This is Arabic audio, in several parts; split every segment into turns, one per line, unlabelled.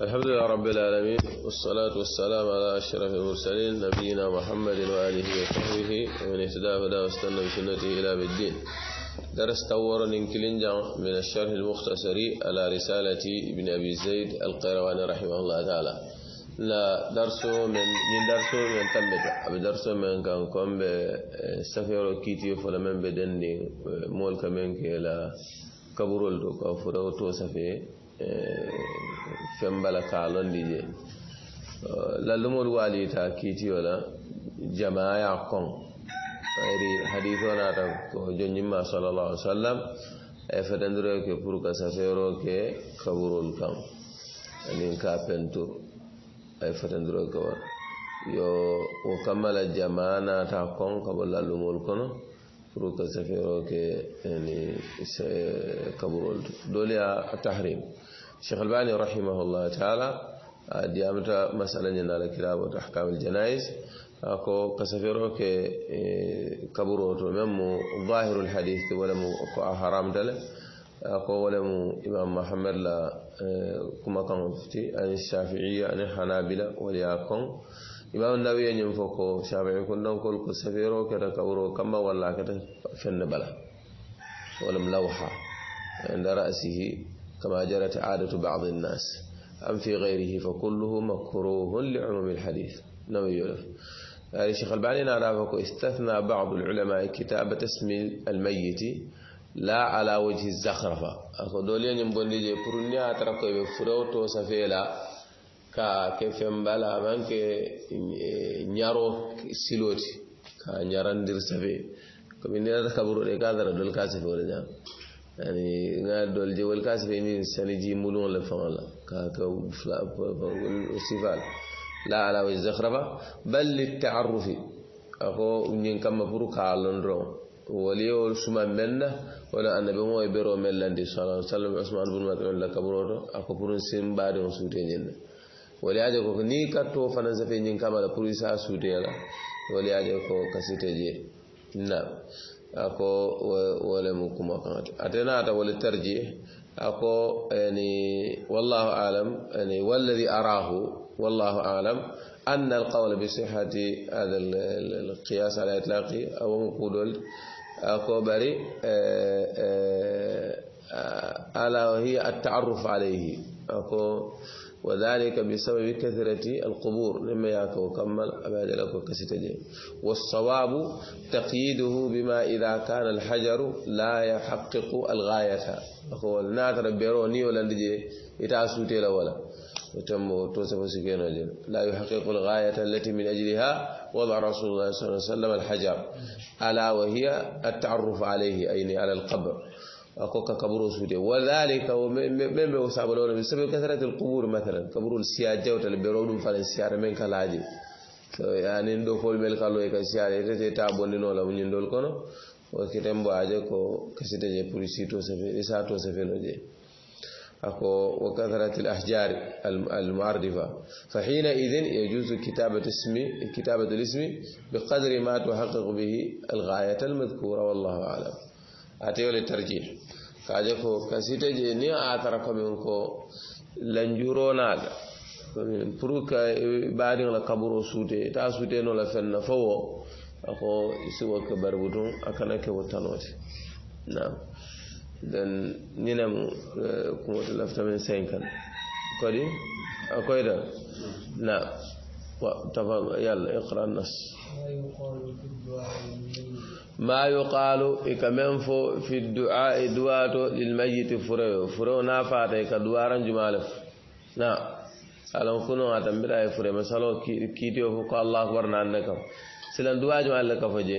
الحمد لله رب العالمين والصلاة والسلام على أشرف المرسلين نبينا محمد وآله وصحبه ومن اهتدى فلا واستنى بسنته إلى بالدين درس تور كلينجا من الشرح المختصر على رسالة ابن أبي زيد القيرواني رحمه الله تعالى لا درس من من درس من تمت أبي درس من كان كم سفير كيتي فلمن بدني مول كمان كلا كبرول دو كفر وتوسفه Eh, fembala kaalondi je eh, lallumol walita kiitiyola jamaa ya kon ayri hadite onata ko joñimma salallah ali sallam e fetandiroyo ke pour que safeero ke kaburol kan anin ka pentour ay fetandiroyo ke won yo wo kammala jamaa naata kon kabo lallumol kono فروت سفيرو كي يعني قبر دوليا التحريم الشيخ الباني رحمه الله تعالى ديامتا مسألة نينا لكلاب وتحكام الجنائز أكو كسفيرو كي قبر ممو ظاهر الحديث ولم أكو أحرام دل أكو ولم إمام محمد لا كما كان مفتي الشافعية أن الحنابلة ولياكم imam النبي ye ñiŋ fo ko shafi'i kundankolu ko safiro keta kaburo kamma walla keta fenne bala lawha عند رأسه كما جرت عادة بعض الناس أم في غيره فكله مكروه لعموم الحديث نوي يولف يعني الشيخ الباني نعرفك استثنى بعض العلماء كتابة اسم الميت لا على وجه الزخرفة أخو دولين يمبون لجي برنيا تركوا بفروتو سفيلا ka ke fembala manke ñaro siloti ka ñarandir safe komi nirata kaburo ɗe ka dara dol kase fe wala ñam yani nga dol je wol kase fe ni sani ji le fan la ka ka sifal la ala wa zakhraba bal lit ako nyin kamma pour ka londron وليو سما منا ولا أنا بمو يبرو ملندي صلى الله عليه وسلم عثمان بن مطعون لك بروتو أكو برون سين بعد وسوتين wala yaje ko ni katto fana zafe nyin kamala pour isa sudela wala yaje ko kasite je na ako wala mu kuma kanata atana ta wala tarji ako ani wallahu alam yani wallazi arahu wallahu alam أن القول بصحة هذا القياس على إطلاقه أو مقول أكو بري ألا وهي التعرف عليه أكو وذلك بسبب كثرة القبور لما ياك وكمل أبعد لك وكسيتجي والصواب تقييده بما إذا كان الحجر لا يحقق الغاية أقول ناتر بيروني ولا نجي إتاسوتي ولا وتم توصف سكين لا يحقق الغاية التي من أجلها وضع رسول الله صلى الله عليه وسلم الحجر ألا وهي التعرف عليه أي على القبر أقوك قبر سودي وذلك من من وصعب الأمر بسبب كثرة القبور مثلا قبر السياج جوت اللي بيرودون فلان سيار من كلاجي يعني إن دخول ملك الله يكسيار إذا تتابعون إنه لا من يندول كنا وكتم بعجك كسيت جي بوليسي توسفي رسالة توسفي لجي أكو وكثرة الأحجار المعرفة فحين إذن يجوز كتابة اسم كتابة الاسم بقدر ما تحقق به الغاية المذكورة والله أعلم ate wole tarjih kaje ko kasita je ni a tara komin ko lanjuronaaga pour que baadiŋo la kaburo suute ita suuteno la feŋ na fo wo ako siwo ke bari butuŋ a kana ke wo tanoo ti naam den ñinemu kuŋo ti lafita meŋ seŋ kan kodi a koyta naam وتفضل يلا اقرا النص ما يقال إكمن في الدعاء دواتو للميت فرو فرو نافات كدوار جمالف نعم ألم كنوا أتنبرا فرو مسألو كيتيو فوق الله أكبر نانكم سلن دعاء جمال لك فجي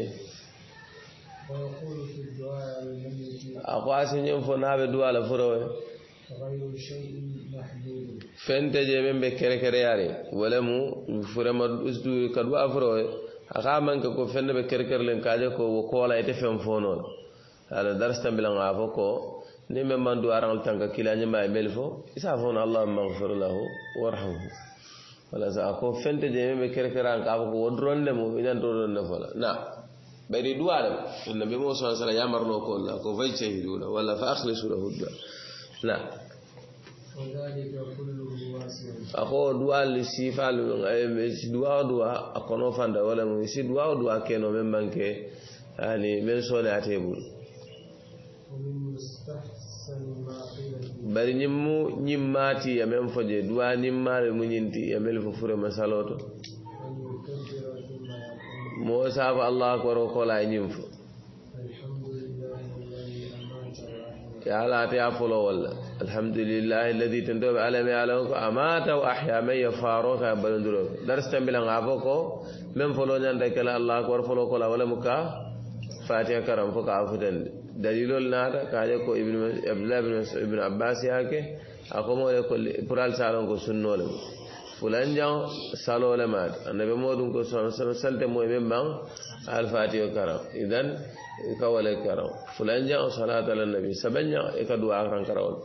أقوى فو فنابي دعاء لفريو fente je ɓen ɓe kere kereyari walemu furema usduri kadu a furo aka manke ko fende ɓe kere kerlen kaje ko wo koola ite fen fonol ala darstambilan a fo ko ni men man du araŋol tanka kilañima e mel fo isa fono allahuma magfir lahu warhamhu wala sa ko fente je men ɓe kere keran ka fo ko wo dronde mu iñanto ɗonde fola na ɓeri duwaɗem annabi mo sa sallam yamarno ko la ko fajtahiduna walla fa ahlisu lahu dua a ko duwaalu si faalu si duwa o duwa a kono fanta wala mu si duwa o duwa keno men banke ani men soole a teebul bari ñim mu ñim maati ya men foje duwa ñim maare mu ñinti ya mel fo fure ma salooto moo saafa allahu akbar o kolaa ñim fo يالاتي أفلو ولا الحمد لله الذي تندوب على ما يعلمك أمات وأحيا من يفاروك أبلن دروك درس تنبلا غافوكو من فلو نندك نعم الله أكبر فلو كلا ولا مكا فاتحة كرم فوق عفتن دليل ناتا كاجكو ابن عبد الله بن عباس ياكي أقوموا يقول برال سالونكو سنولم فلان جاو سالو لمات أنا بمودن كو سوام سلام سلت موي بمبان الفاتيو كرام إذن كوالي كرام فلان جاو صلاة للنبي سبن جاو إكا دعا كران كرام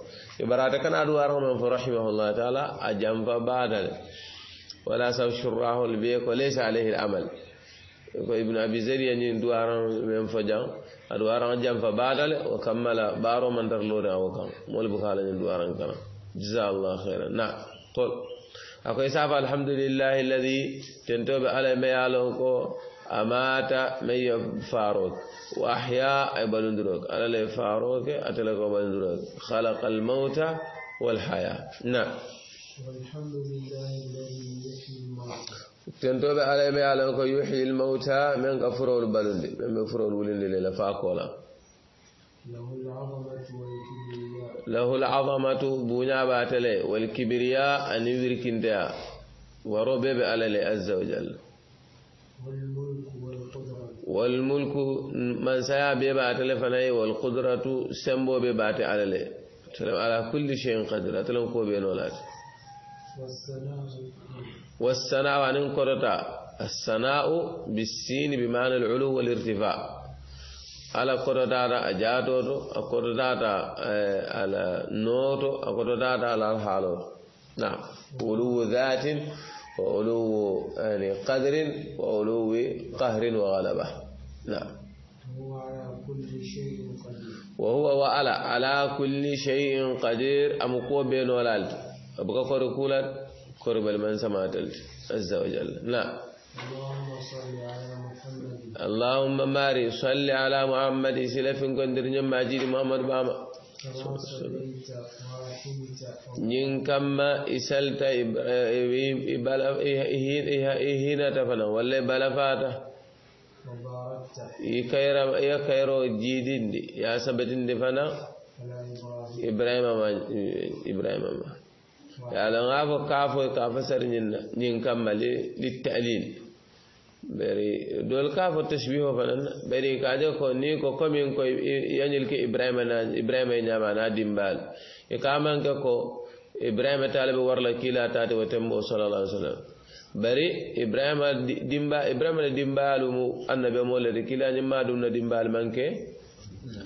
إبرات كان دعا من فرحمه الله تعالى أجام فبعد ولا سو شراه البيك وليس عليه العمل ابن أبي زيد يعني دعا من فجاو دعا جام فبعد وكمل بارو من ترلوري أو كام مول بخالي دعا كرام جزا الله خيرا نعم طول أقول إسافة الحمد لله الذي تنتوب على ميالوك أمات مي فاروك وأحياء بندروك على لي فاروك أتلقى بندروك خلق الموت والحياة نعم
والحمد لله الذي يحيي الموتى
تنتوب على ميالوك يحيي من كفرول بلندي من كفرول بلندي له العظمة بنا باتلي والكبرياء أن يدركنتها ورب على الله عز وجل والملك من سيا بباتل فناي والقدرة سمبو ببات على الله تلم على كل شيء قدر تلم كو بين
والسناء
والسناء عن السناء بالسين بمعنى العلو والارتفاع ala kotodata a jatoto a kotodata ala nooto a kotodata ala alhaaloto nam uluwu dhatin wa uluwu yani qadrin wa uluwi qahrin wa ghalaba nam وهو وعلى على كل شيء قدير أمكو بين ولالت أبقى قر كولت قرب المن سماتل عز وجل نعم
اللهم صل على
اللهم ماري صل على محمد سلف كندر نما اجيد محمد باما نين كما اسلت هنا تفنا ولا بلفاتا
يكير يا كيرو جيدين يا سبتين دفنا إبراهيم ما
إبراهيم ما يا لعاب كافو كافو سرنينا نين كمل للتعليل بري دول كافو تشبيهو فنان بري كادي كو نيكو كم ينكو ينيل كي إبراهيم نان إبراهيم ينام أنا ديمبال يكامن كو إبراهيم تعلب ورلا كيلا تاتي وتمو صلى الله عليه وسلم بري إبراهيم ديمبا إبراهيم ديمبال ومو أنا بمول ركيلا نما دون ديمبال منك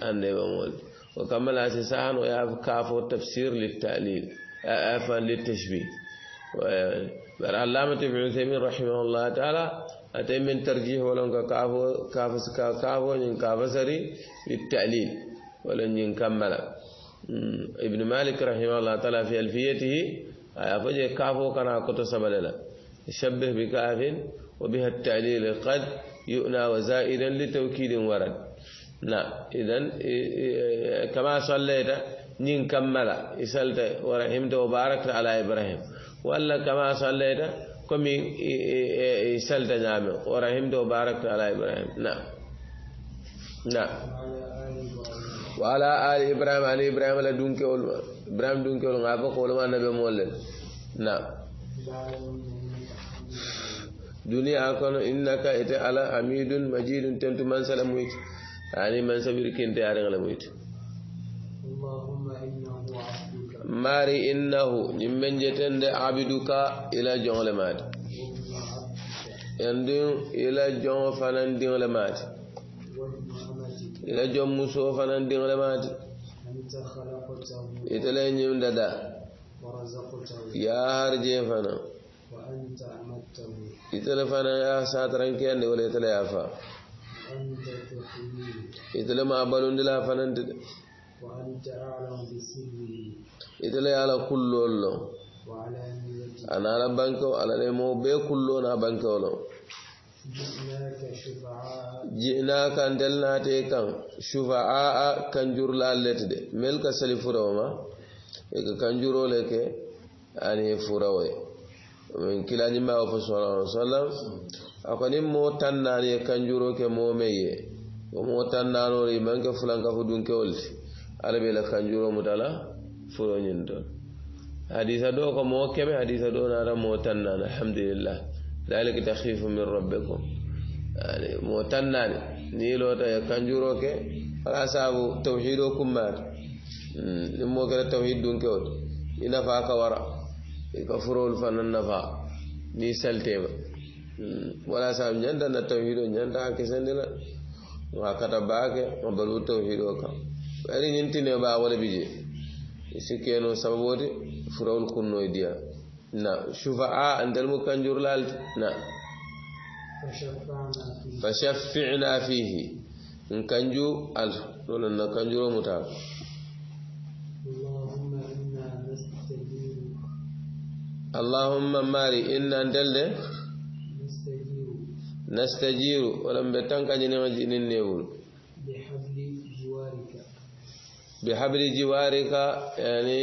أنا بمول وكمل هذا سان ويا كافو تفسير للتعليل أفن للتشبيه برا الله متبعون ثمين رحمه الله تعالى أتي من ترجيح ولن كافو كافس كافو ين كافسري بالتعليل ولن ينكمل ابن مالك رحمه الله تعالى في ألفيته أفجأ آية كافو كان كتو سبلنا يشبه بكاف وبها التعليل قد يؤنى وزائدا لتوكيد ورد لا إذن كما صليت نين كملا إسألت ورحمت وباركت على إبراهيم ولا كما صليت komi e, saldañaami o rahim de o baaraktu ala ibrahim na na wa ala ali ibrahima ani ibrahima la dunkewol ma ibrahima dunkewol ga fo kowolu ma nabe mool lel na duniya kono innaka ite ala hamidun majidun tentu mansala muyta ani mansabir kinte areng la muyta mari innahu yimɓe jetende abiduka ila jonle maati yandin ila jon fanan dinle maati ila jon muso fanan dinle maati
itele yim dada ya
harje fana itele fana ya satarankende wala itele ya fa itele ma balundila fanan dida itele ye ala kulloolu lo ana ala bankewo ala ne moo bee kulloo na bankewo lo jinaka ntel naate kan sufaa a kanjurlaal lete de mel ka sali furawo ma e ka kanjuroo le ke ani furawo ye min kilañimmaa wo fo sala alai sallam a koniŋ moo tannaani ye kanjuro ke moo meŋ ye wo moo tannaanoo le i maŋ ke fulanka fo dunkewol ti ala la kanjuro mutala furo ñin ton hadisa ɗo ko mo keɓe hadisa ɗo nata mo tannani alhamdulillah dalika takhifu min rabbikum mo tannani ni lota e kanjuro ke ala saabu tawhid o kummaata ɗum mo kene tawhid dunke ot i nafa ka wara ka furol fanan nafa ni saltema wala saabu ñantana tawhid o ñanta hakkisandila ma kata baake ma balu kam ari bari ñintine ba wala bije sikkeno sababoti furawul kunno idiya na shufa'a andal mu kanjur lal na fashaffi'na fihi in kanju al dolan na kanju kanjuro muta allahumma mari inna ndelde nastajiru walam be tankañinema jinin newul bihabli jiwarika yani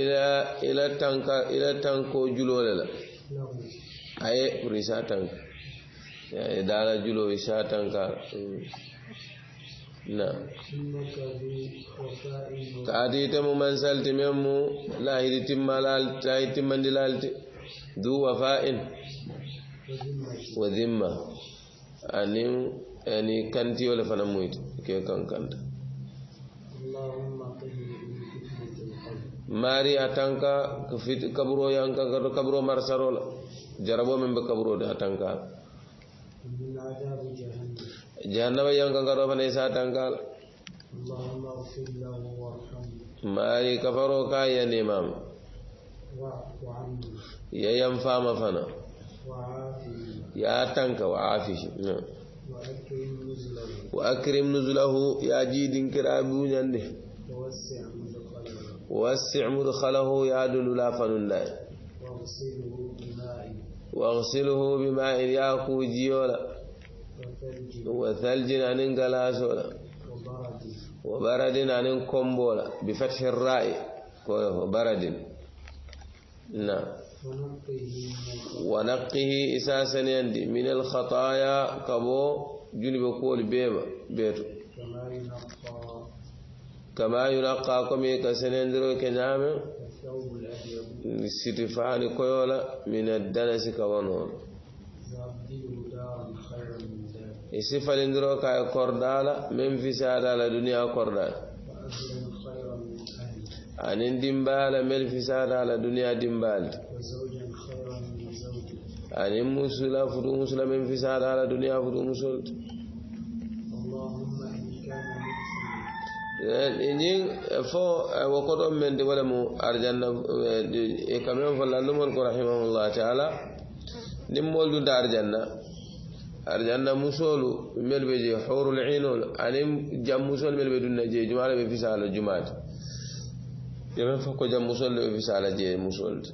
ila ila tanka ila tanko julo lela aye buri sa tanka yani dala julo wi sa tanka hmm. na
kaati ite mu man salti
men mu lahiri timma lalti lahiri timma ndi lalti du wafa'in wa zimma anin yani kanti yole fana muyti ke kan kanta mari atanka fit kaburo yanka gato kaburo marsaro la jarabo men be kaburo da atanka jahannama yanka gato fana isa atanka la mari kafaro ka ya nemam ya yan fama fana ya atanka wa afishi no. وأكرم نزله يا جيد كرابو ونده ووسع مدخله يا دل لا فن الله واغسله بماء يا كوجيولا وثلج عن غلاسولا وبرد عن كومبولا بفتح الرأي وبرد نعم ونقه إساسا يندي من الخطايا كبو جنب كول بيما بيتو كما ينقى كمي كسنندرو كنعم ستفعل كيولا من الدنس كوانون isi falindiro ka ye kordala min fisada la duniya kordala anin dimbala min fisada la duniya dimbali ani musula fudu musula min fi sada ala duniya fudu musul ñin eh, eh, fo eh, wo koto men di wala mu arjanna kam men fo lallumol ko rahimahullah taala nin mol dunda arjanna arjanna musolu mel be je hurul inol ani jam musol mel be dunna je jumaa be fisala jumaati yemen fo ko jam musol be fisala je musolde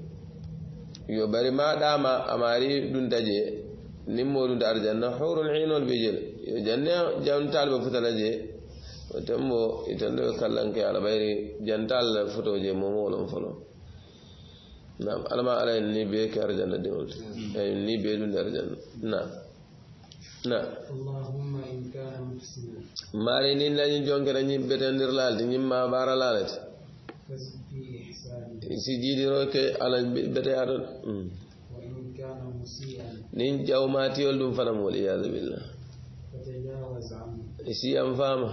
yo bari ma ɗama amari ɗum daje nimmoɗum ta ar janna hawrol inol bijel yo janne jantalɓe futana je o tenmo itandeɓe kallanke allah ɓayri jantal foto je momowolon folo nam alama ala en ni beke ar janna deol e ni be ɗum de ar janna na na mari ni dañi jonkeɗa ñimɓetendir lalde ñimma ɓara lalete
sijiidi roke ala bete aton hmm.
nin jawmatiyol ɗum fana mo waliyadu billah e si yam fama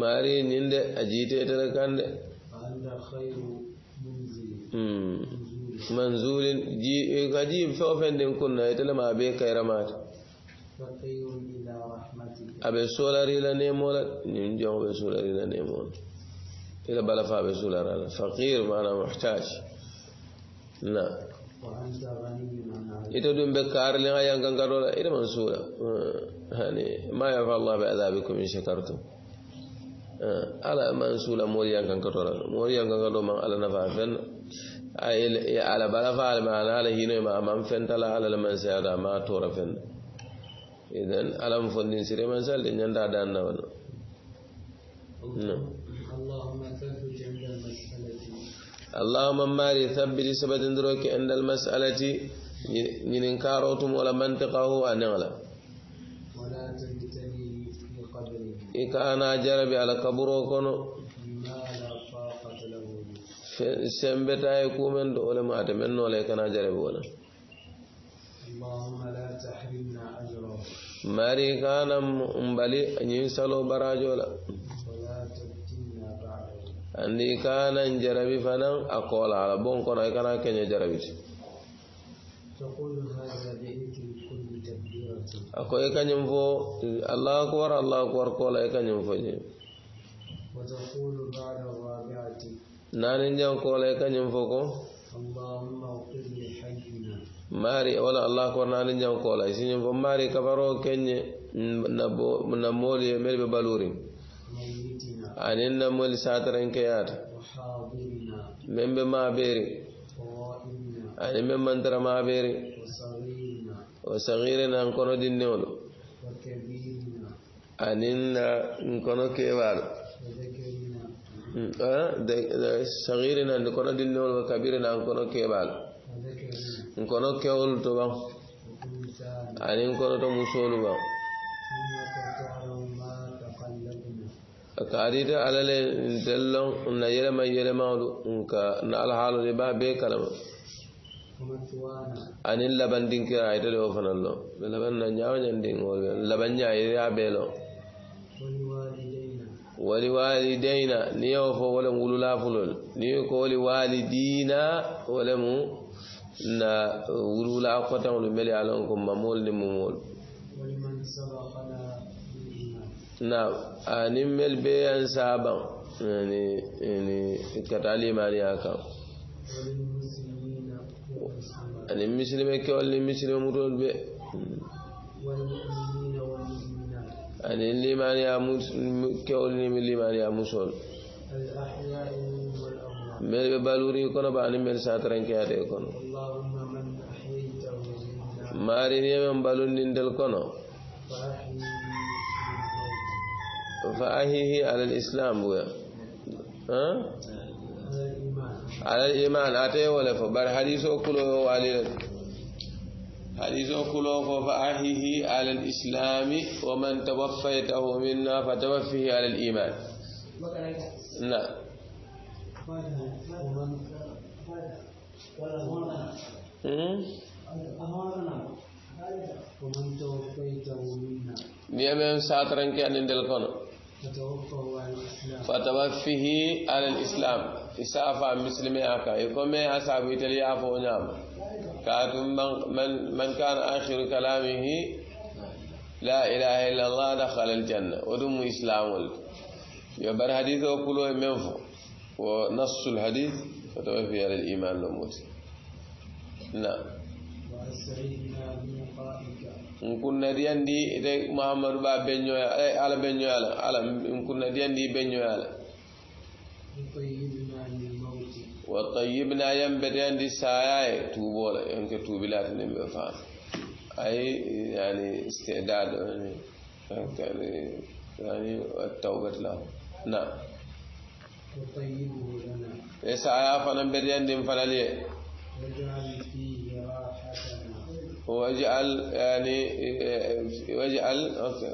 mari nin de a jiitetere kande hmm. manzulin e ka jiim fewo fen ndin kunna e telema a ɓe kayramata aɓe solarila nemola ñin jom ɓe solarila nemola ila bala fa ɓe solarala faqir mana muhtaj na ita ɗum ɓe karlin ha yankankaɗola ita man suula hani ma yafa allah ɓe adabikum in shakartum ala man suula moori yankankatola moori yankankaɗo man ala nafa fenna ala bala fa alma ana ala hinoyma aman fentala ala laman seyata ma tora fenna idan alam fondin sireman sal ɗe ñanda danna wono allahuma mari thabbiti sabadindiroke inde almasalati ñinin karotum wala mantiqahu a neŋla
i ka ana jarabi ala kaburo kono
sembeta ye kumen do wole mate men nole kana jarabi wala mari kanam umbali ñin salo barajo la andi kanan jarabi fanan a kola ala bon kono i kana keña jarabi ti a ko i kañum fo allah kuwar allah kuwar kola i kañum fo ñi nanin jan kola i kañum fo ko
اللهم
maari wala allah ko wornaani njam koolay si ñum ko maari kabaro keñe na mooli mbele ɓe baluuri anin na mooli saataren keyaata men ɓe maaɓeeri
anin men mantara maaɓeeri
o sahirina n kono dinneolo anin na n hmm, ah, kono keewaalo sahirina n kono dinneolo wa kabirina n kono keeɓaalo nkono kewolu to ba ani nkono to musolu ba kaadita ala le ntellon na yelema yelemalu nka na alhaalu le ba be kalama ani labandinkira ayita le o fanan lo labanna ñawa ñandinŋol ɓe labanña yeya be lo woli walidaina niyo fo wolem wululafulol ni ko woli walidina wolemu na wulwula akotaŋolu meli ye loŋ ko mamoolu ni mumoolu na aniŋ meli be yaŋ saabaŋ ni ni ka taa limaaniya kaŋ aniŋ misilime kewolu ni misilime mutoolu be aniŋ limaaniya kewolu ni limaaniya musoolu میرے بے بالوری کو نہ بانی میرے ساتھ رنگ کیا دے کو ماری نیا میں بالون نندل کو نو فاہی ہی علی الاسلام ہویا علی الیمان آتے ہو لفو بر حدیث و کلو والی لکھ حديث كله فأحيه على الإسلام ومن توفيته منا فتوفيه على الإيمان. نعم. بيبين ساترن كي أنين دلكون
فتوفيه
على الإسلام إسافة مسلمي أكا يقوم أصحاب إتليا فونام كاتم من, من كان آخر كلامه لا إله إلا الله دخل الجنة ودم إسلام يبر حديثه كله منفو ونص الحديث فتوفي على الإيمان لموت نعم كنا ديان دي محمد با بنيو على إيه، على بنيو على على كنا ديان دي بنيو على وطيبنا يم بديان دي ساي توبول انك توبلات نيم فا اي يعني استعداد يعني،, يعني يعني التوبه له نعم يسعى فنبريان دم فلاليه واجعل فيه يعني وجعل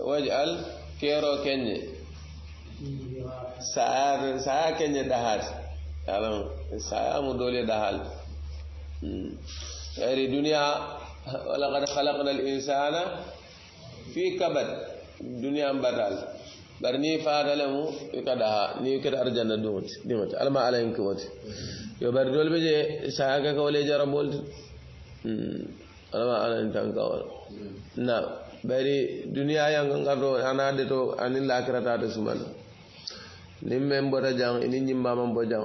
وجعل كيرو كني سعى سعى كني دهار يعلم سعى مدولي دهال يعني دنيا ولقد خلقنا الإنسان في كبد دنيا بدل bari ni faata lemu ka daha ni keta arjanna dumati dimati alama ala yim kiwoti yo bari dol be je saaka ka jara bolti alama ala yim tan kawal na bari duniya yang ngardo anade to anin lakirata to suman nim men bota jang ini nyimba man bo jang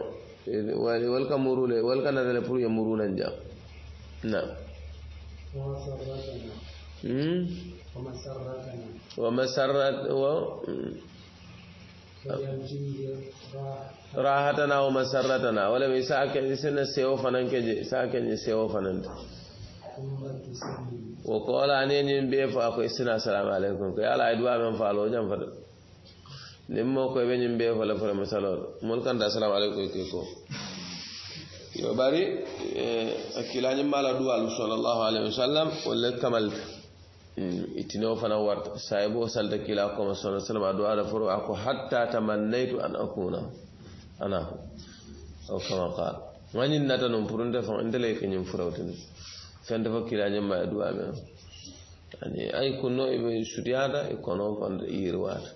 wal ka murule wal ka nadale pour jang na hmm ومسرتنا ومسرتنا و ولم يسأكن سن سيو فنان كجي ساك سيو فنان وقال أنين نين بيف أكو إسنا السلام عليكم يا على أدواء من فعلوا جم فر نمو كي بين نين بيف ولا فر مسألة ملكان السلام عليكم كيكو يباري إيه، أكيلاني مالا دوال صلى الله عليه وسلم ولا كملت itino fana warta sahibo salta kila koma alaihi wasallam adu da furu ako hatta tamannaitu an akuna ko aw kama qala ŋañin nata num pour nte faŋ nte ley keñin furawtini fente fo kilañin ma aduwa men ani ay kunno ibe shudiyada e kono fanta yirwata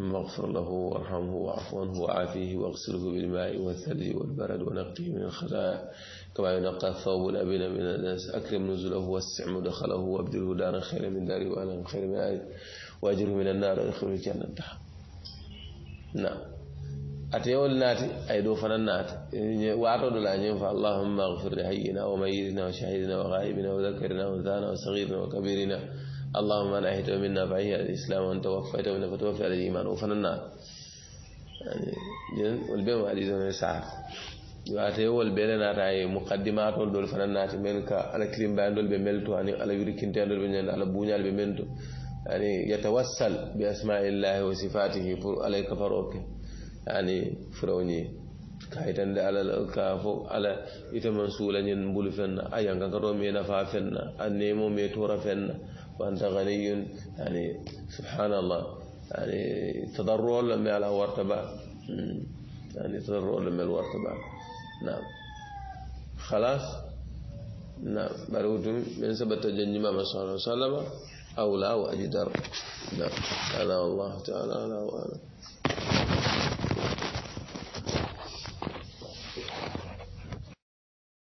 اغفر له وارحمه وعفو عنه وعافيه واغسله بالماء والثلج والبرد ونقيه من الخزايا كما ينقى الثوب الأبن من الناس أكرم نزله وسع مدخله وابدله دارا خيرا من داري وأنا خير من أهلي وأجره من النار وادخله الجنة نعم اول ناتي أي دو فنان ناتي وأعطوا لا ينفع اللهم اغفر لحينا وميتنا وشهيدنا وغائبنا وذكرنا وانثانا وصغيرنا وكبيرنا اللهم من أهدى منا بعيد الإسلام وأنت وفيت منا فتوفي على الإيمان وفن النار يعني جن والبين وعديد من السعر يواتي هو البيع لنا رأي مقدمات دول فن النار ملك على كريم بان دول بملتو يعني على يريكين تان دول بنيان على بونيا بملتو يعني يتوسل بأسماء الله وصفاته عليك فروك يعني فروني kayitande alal على الكافو على ite man suulañin فن ايان كرومي yankankato me nafa fenna a nemo me وأنت غني يعني سبحان الله يعني تضرع لما على وارتباع يعني تضرع لما الوارتباع نعم خلاص نعم بروتم من سبت جنجما ما صلى الله عليه وسلم أولى وأجدر نعم هذا والله تعالى أنا وانا